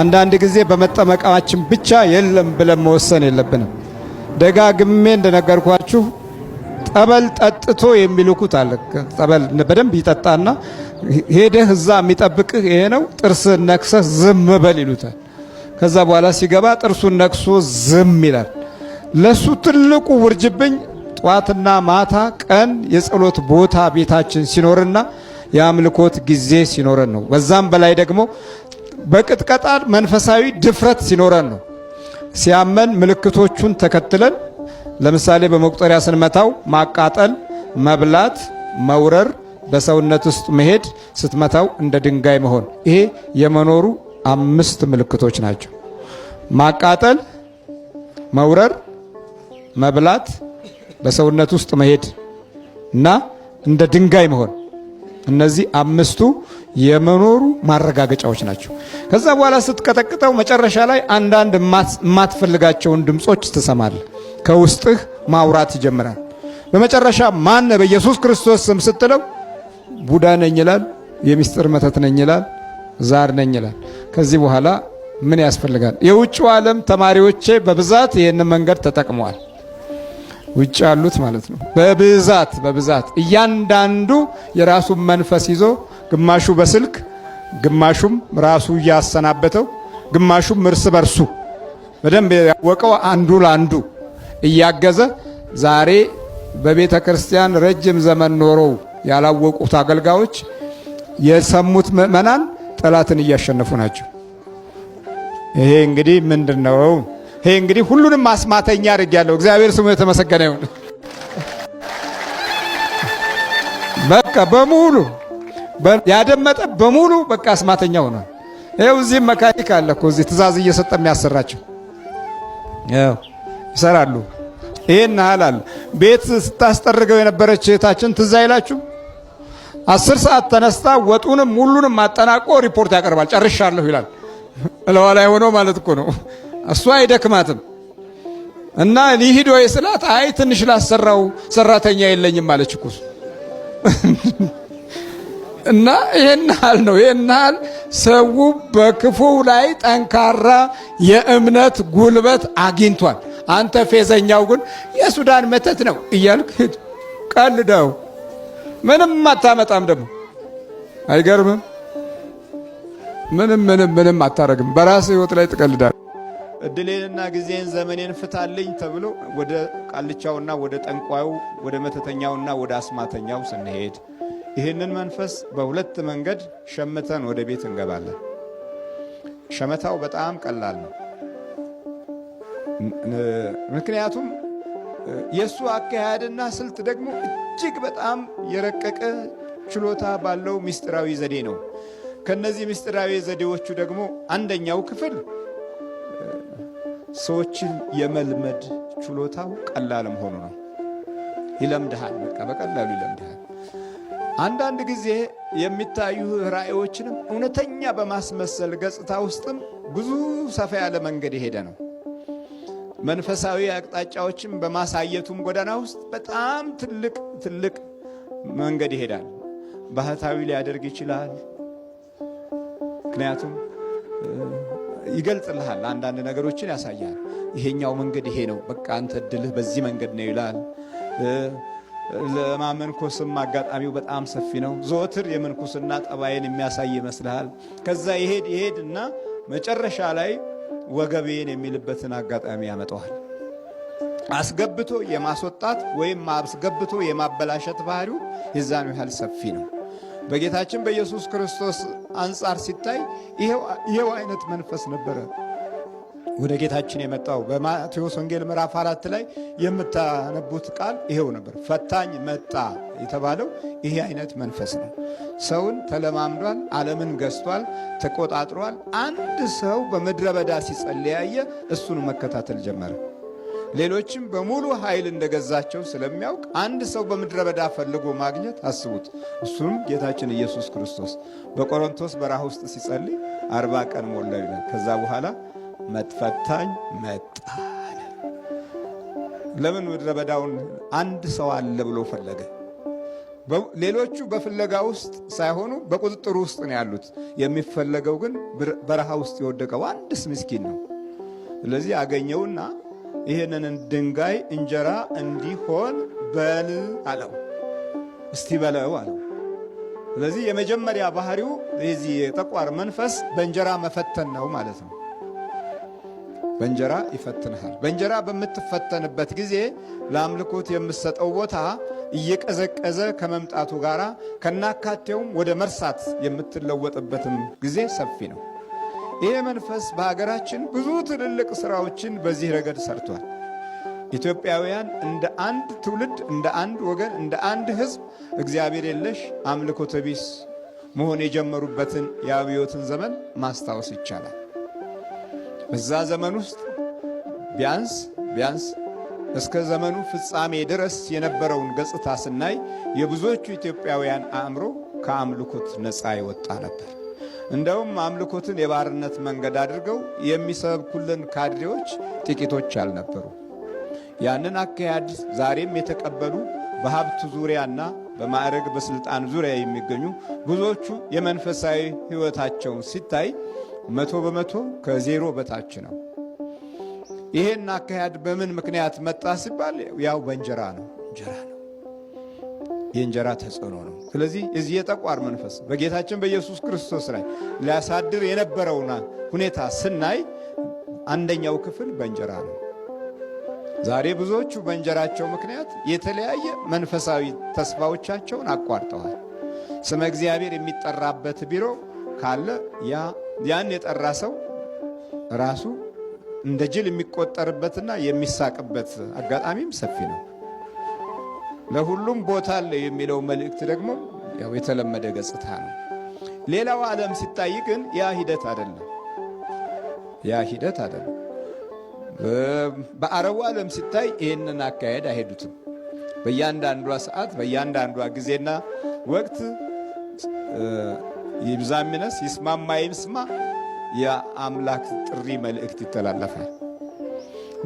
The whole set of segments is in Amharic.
አንዳንድ ጊዜ በመጠመቃችን ብቻ የለም ብለን መወሰን የለብንም። ደጋግሜ እንደነገርኳችሁ ጠበል ጠጥቶ የሚልኩት አለ። ጠበል በደንብ ይጠጣና ሄደህ እዛ የሚጠብቅህ ይሄ ነው፣ ጥርስ ነክሰህ ዝም በል ይሉታል። ከዛ በኋላ ሲገባ ጥርሱን ነክሶ ዝም ይላል። ለሱ ትልቁ ውርጅብኝ ጠዋትና ማታ ቀን የጸሎት ቦታ ቤታችን ሲኖርና የአምልኮት ጊዜ ሲኖረን ነው። በዛም በላይ ደግሞ በቅጥቀጣ መንፈሳዊ ድፍረት ሲኖረን ነው። ሲያመን ምልክቶቹን ተከትለን ለምሳሌ በመቁጠሪያ ስንመታው ማቃጠል፣ መብላት፣ መውረር፣ በሰውነት ውስጥ መሄድ፣ ስትመታው እንደ ድንጋይ መሆን፣ ይሄ የመኖሩ አምስት ምልክቶች ናቸው። ማቃጠል፣ መውረር፣ መብላት፣ በሰውነት ውስጥ መሄድ እና እንደ ድንጋይ መሆን እነዚህ አምስቱ የመኖሩ ማረጋገጫዎች ናቸው። ከዛ በኋላ ስትቀጠቅጠው መጨረሻ ላይ አንዳንድ የማትፈልጋቸውን ድምፆች ትሰማለህ። ከውስጥህ ማውራት ይጀምራል። በመጨረሻ ማነ በኢየሱስ ክርስቶስ ስም ስትለው ቡዳ ነኝ ይላል፣ የሚስጥር መተት ነኝ ይላል፣ ዛር ነኝ ይላል። ከዚህ በኋላ ምን ያስፈልጋል? የውጭው ዓለም ተማሪዎቼ በብዛት ይህን መንገድ ተጠቅመዋል። ውጭ ያሉት ማለት ነው። በብዛት በብዛት እያንዳንዱ የራሱን መንፈስ ይዞ ግማሹ በስልክ ግማሹም ራሱ እያሰናበተው ግማሹም እርስ በርሱ በደንብ ያወቀው አንዱ ለአንዱ እያገዘ ዛሬ በቤተ ክርስቲያን ረጅም ዘመን ኖረው ያላወቁት አገልጋዮች የሰሙት ምእመናን ጠላትን እያሸነፉ ናቸው። ይሄ እንግዲህ ምንድን ነው? ይሄ እንግዲህ ሁሉንም ማስማተኛ አድርጌያለሁ። እግዚአብሔር ስሙ የተመሰገነ ይሁን። በቃ በሙሉ ያደመጠ በሙሉ በቃ አስማተኛ ሆኗል። ይኸው እዚህም መካኒክ አለ እኮ እዚህ ትእዛዝ እየሰጠ የሚያሰራቸው ይሰራሉ። ይሄን ያህል አለ። ቤት ስታስጠርገው የነበረች እህታችን ትዝ አይላችሁ? አስር ሰዓት ተነስታ ወጡንም ሙሉንም አጠናቆ ሪፖርት ያቀርባል። ጨርሻለሁ ይላል። እለዋ ላይ ሆኖ ማለት እኮ ነው። እሱ አይደክማትም እና ሊሂድ ወይ ስላት አይ ትንሽ ላሰራው ሰራተኛ የለኝም አለች እኮ እና ይህን ያህል ነው። ይህን ያህል ሰው በክፉ ላይ ጠንካራ የእምነት ጉልበት አግኝቷል። አንተ ፌዘኛው ግን የሱዳን መተት ነው እያልክ ሂድ፣ ቀልደው ምንም አታመጣም። ደግሞ አይገርምም? ምንም ምንም ምንም አታረግም። በራስ ህይወት ላይ ትቀልዳል። እድሌንና ጊዜን ዘመኔን ፍታልኝ ተብሎ ወደ ቃልቻውና ወደ ጠንቋዩ ወደ መተተኛውና ወደ አስማተኛው ስንሄድ ይህንን መንፈስ በሁለት መንገድ ሸምተን ወደ ቤት እንገባለን። ሸመታው በጣም ቀላል ነው። ምክንያቱም የእሱ አካሄድና ስልት ደግሞ እጅግ በጣም የረቀቀ ችሎታ ባለው ምስጢራዊ ዘዴ ነው። ከነዚህ ምስጢራዊ ዘዴዎቹ ደግሞ አንደኛው ክፍል ሰዎችን የመልመድ ችሎታው ቀላል መሆኑ ነው። ይለምድሃል፣ በቃ በቀላሉ ይለምድሃል። አንዳንድ ጊዜ የሚታዩ ራእዮችንም እውነተኛ በማስመሰል ገጽታ ውስጥም ብዙ ሰፋ ያለ መንገድ የሄደ ነው። መንፈሳዊ አቅጣጫዎችን በማሳየቱም ጎዳና ውስጥ በጣም ትልቅ ትልቅ መንገድ ይሄዳል። ባህታዊ ሊያደርግ ይችላል። ምክንያቱም ይገልጥልሃል፣ አንዳንድ ነገሮችን ያሳያል። ይሄኛው መንገድ ይሄ ነው፣ በቃ አንተ እድልህ በዚህ መንገድ ነው ይላል። ለማመንኮስም አጋጣሚው በጣም ሰፊ ነው። ዘወትር የምንኩስና ጠባይን የሚያሳይ ይመስልሃል። ከዛ ይሄድ ይሄድ እና መጨረሻ ላይ ወገቤን የሚልበትን አጋጣሚ ያመጣዋል። አስገብቶ የማስወጣት ወይም አስገብቶ የማበላሸት ባህሪው የዛን ያህል ሰፊ ነው። በጌታችን በኢየሱስ ክርስቶስ አንጻር ሲታይ ይሄው አይነት መንፈስ ነበረ። ወደ ጌታችን የመጣው በማቴዎስ ወንጌል ምዕራፍ አራት ላይ የምታነቡት ቃል ይሄው ነበር። ፈታኝ መጣ የተባለው ይሄ አይነት መንፈስ ነው። ሰውን ተለማምዷል፣ ዓለምን ገዝቷል፣ ተቆጣጥሯል። አንድ ሰው በምድረ በዳ ሲጸለያየ እሱን መከታተል ጀመረ። ሌሎችም በሙሉ ኃይል እንደገዛቸው ስለሚያውቅ አንድ ሰው በምድረ በዳ ፈልጎ ማግኘት አስቡት። እሱም ጌታችን ኢየሱስ ክርስቶስ በቆሮንቶስ በረሃ ውስጥ ሲጸልይ አርባ ቀን ሞላ ይላል። ከዛ በኋላ መጥፈታኝ መጣ። ለምን ምድረ በዳውን አንድ ሰው አለ ብሎ ፈለገ? ሌሎቹ በፍለጋ ውስጥ ሳይሆኑ በቁጥጥር ውስጥ ነው ያሉት። የሚፈለገው ግን በረሃ ውስጥ የወደቀው አንድስ ምስኪን ነው። ስለዚህ አገኘውና ይህንን ድንጋይ እንጀራ እንዲሆን በል አለው። እስቲ በለው አለው። ስለዚህ የመጀመሪያ ባህሪው የዚህ የጠቋር መንፈስ በእንጀራ መፈተን ነው ማለት ነው። በእንጀራ ይፈትንሃል። በእንጀራ በምትፈተንበት ጊዜ ለአምልኮት የምትሰጠው ቦታ እየቀዘቀዘ ከመምጣቱ ጋር ከናካቴውም ወደ መርሳት የምትለወጥበትም ጊዜ ሰፊ ነው። ይሄ መንፈስ በሀገራችን ብዙ ትልልቅ ስራዎችን በዚህ ረገድ ሰርቷል። ኢትዮጵያውያን እንደ አንድ ትውልድ፣ እንደ አንድ ወገን፣ እንደ አንድ ሕዝብ እግዚአብሔር የለሽ አምልኮተ ቢስ መሆን የጀመሩበትን የአብዮትን ዘመን ማስታወስ ይቻላል። በዛ ዘመን ውስጥ ቢያንስ ቢያንስ እስከ ዘመኑ ፍጻሜ ድረስ የነበረውን ገጽታ ስናይ የብዙዎቹ ኢትዮጵያውያን አእምሮ ከአምልኮት ነፃ ይወጣ ነበር። እንደውም አምልኮትን የባርነት መንገድ አድርገው የሚሰብኩልን ካድሬዎች ጥቂቶች አልነበሩ። ያንን አካሄድ ዛሬም የተቀበሉ በሀብት ዙሪያና በማዕረግ በስልጣን ዙሪያ የሚገኙ ብዙዎቹ የመንፈሳዊ ሕይወታቸውን ሲታይ መቶ በመቶ ከዜሮ በታች ነው። ይሄን አካሄድ በምን ምክንያት መጣ ሲባል ያው በእንጀራ ነው እንጀራ ነው የእንጀራ ተጽዕኖ ነው። ስለዚህ እዚህ የጠቋር መንፈስ በጌታችን በኢየሱስ ክርስቶስ ላይ ሊያሳድር የነበረውን ሁኔታ ስናይ አንደኛው ክፍል በእንጀራ ነው። ዛሬ ብዙዎቹ በእንጀራቸው ምክንያት የተለያየ መንፈሳዊ ተስፋዎቻቸውን አቋርጠዋል። ስመ እግዚአብሔር የሚጠራበት ቢሮ ካለ ያ ያን የጠራ ሰው ራሱ እንደ ጅል የሚቆጠርበትና የሚሳቅበት አጋጣሚም ሰፊ ነው። ለሁሉም ቦታ አለ የሚለው መልእክት ደግሞ ያው የተለመደ ገጽታ ነው። ሌላው ዓለም ሲታይ ግን ያ ሂደት አይደለም፣ ያ ሂደት አደለም። በአረቡ ዓለም ሲታይ ይህንን አካሄድ አይሄዱትም። በእያንዳንዷ ሰዓት፣ በእያንዳንዷ ጊዜና ወቅት ይብዛምነስ ይነስ ይስማማ ይብስማ የአምላክ ጥሪ መልእክት ይተላለፋል።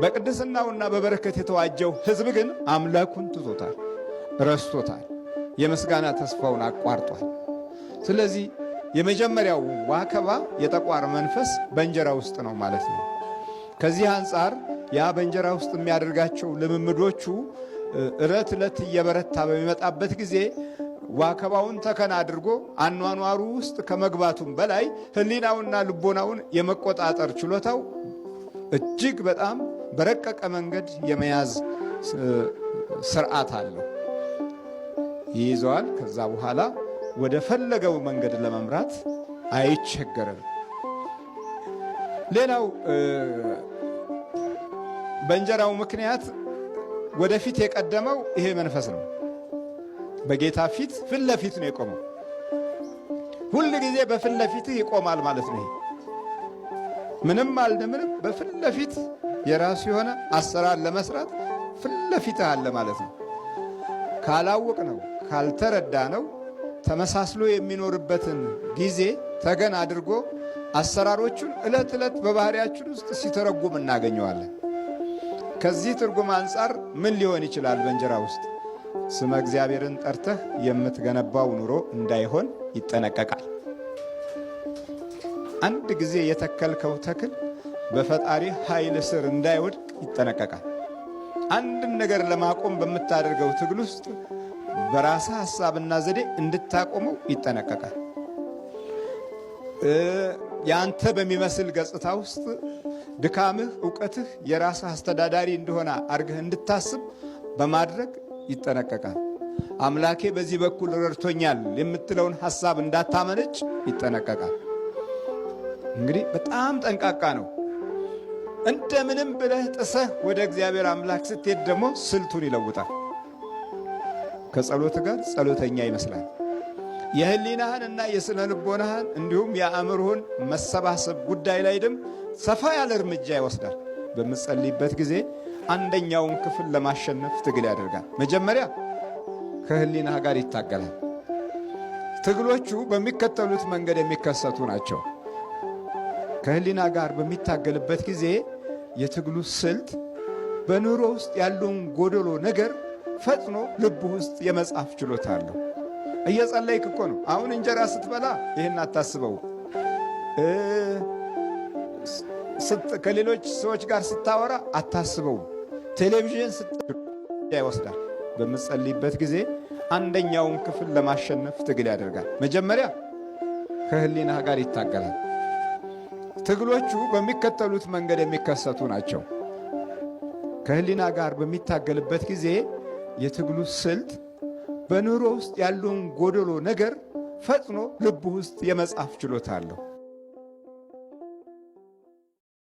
በቅድስናውና በበረከት የተዋጀው ሕዝብ ግን አምላኩን ትቶታል፣ ረስቶታል፣ የምስጋና ተስፋውን አቋርጧል። ስለዚህ የመጀመሪያው ዋከባ የጠቋር መንፈስ በእንጀራ ውስጥ ነው ማለት ነው። ከዚህ አንጻር ያ በእንጀራ ውስጥ የሚያደርጋቸው ልምምዶቹ ዕለት ዕለት እየበረታ በሚመጣበት ጊዜ ዋከባውን ተከና አድርጎ አኗኗሩ ውስጥ ከመግባቱም በላይ ህሊናውና ልቦናውን የመቆጣጠር ችሎታው እጅግ በጣም በረቀቀ መንገድ የመያዝ ስርዓት አለው። ይይዘዋል። ከዛ በኋላ ወደ ፈለገው መንገድ ለመምራት አይቸገርም። ሌላው በእንጀራው ምክንያት ወደፊት የቀደመው ይሄ መንፈስ ነው። በጌታ ፊት ፊት ለፊት ነው የቆመው። ሁል ጊዜ በፊት ለፊትህ ይቆማል ማለት ነው። ምንም አልነ ምንም በፊት ለፊት የራሱ የሆነ አሰራር ለመስራት ፊት ለፊትህ አለ ማለት ነው። ካላወቅ ነው ካልተረዳ ነው ተመሳስሎ የሚኖርበትን ጊዜ ተገን አድርጎ አሰራሮቹን ዕለት ዕለት በባህሪያችን ውስጥ ሲተረጉም እናገኘዋለን። ከዚህ ትርጉም አንጻር ምን ሊሆን ይችላል በእንጀራ ውስጥ ስመ እግዚአብሔርን ጠርተህ የምትገነባው ኑሮ እንዳይሆን ይጠነቀቃል። አንድ ጊዜ የተከልከው ተክል በፈጣሪ ኃይል ስር እንዳይወድቅ ይጠነቀቃል። አንድን ነገር ለማቆም በምታደርገው ትግል ውስጥ በራስ ሐሳብና ዘዴ እንድታቆመው ይጠነቀቃል። የአንተ በሚመስል ገጽታ ውስጥ ድካምህ፣ እውቀትህ የራስህ አስተዳዳሪ እንደሆነ አድርገህ እንድታስብ በማድረግ ይጠነቀቃል። አምላኬ በዚህ በኩል ረድቶኛል የምትለውን ሐሳብ እንዳታመነጭ ይጠነቀቃል። እንግዲህ በጣም ጠንቃቃ ነው። እንደምንም ብለህ ጥሰህ ወደ እግዚአብሔር አምላክ ስትሄድ ደግሞ ስልቱን ይለውጣል። ከጸሎት ጋር ጸሎተኛ ይመስላል። የህሊናህን እና የስነ ልቦናህን እንዲሁም የአእምሮህን መሰባሰብ ጉዳይ ላይ ድም ሰፋ ያለ እርምጃ ይወስዳል። በምጸልይበት ጊዜ አንደኛውን ክፍል ለማሸነፍ ትግል ያደርጋል። መጀመሪያ ከህሊና ጋር ይታገላል። ትግሎቹ በሚከተሉት መንገድ የሚከሰቱ ናቸው። ከህሊና ጋር በሚታገልበት ጊዜ የትግሉ ስልት በኑሮ ውስጥ ያለውን ጎደሎ ነገር ፈጥኖ ልብ ውስጥ የመጻፍ ችሎታ አለው። እየጸለይክ እኮ ነው። አሁን እንጀራ ስትበላ ይህን አታስበው። ከሌሎች ሰዎች ጋር ስታወራ አታስበውም። ቴሌቪዥን ይወስዳል። በምጸልይበት ጊዜ አንደኛውን ክፍል ለማሸነፍ ትግል ያደርጋል። መጀመሪያ ከህሊና ጋር ይታገላል። ትግሎቹ በሚከተሉት መንገድ የሚከሰቱ ናቸው። ከህሊና ጋር በሚታገልበት ጊዜ የትግሉ ስልት በኑሮ ውስጥ ያለውን ጎደሎ ነገር ፈጥኖ ልብ ውስጥ የመጻፍ ችሎታ አለው።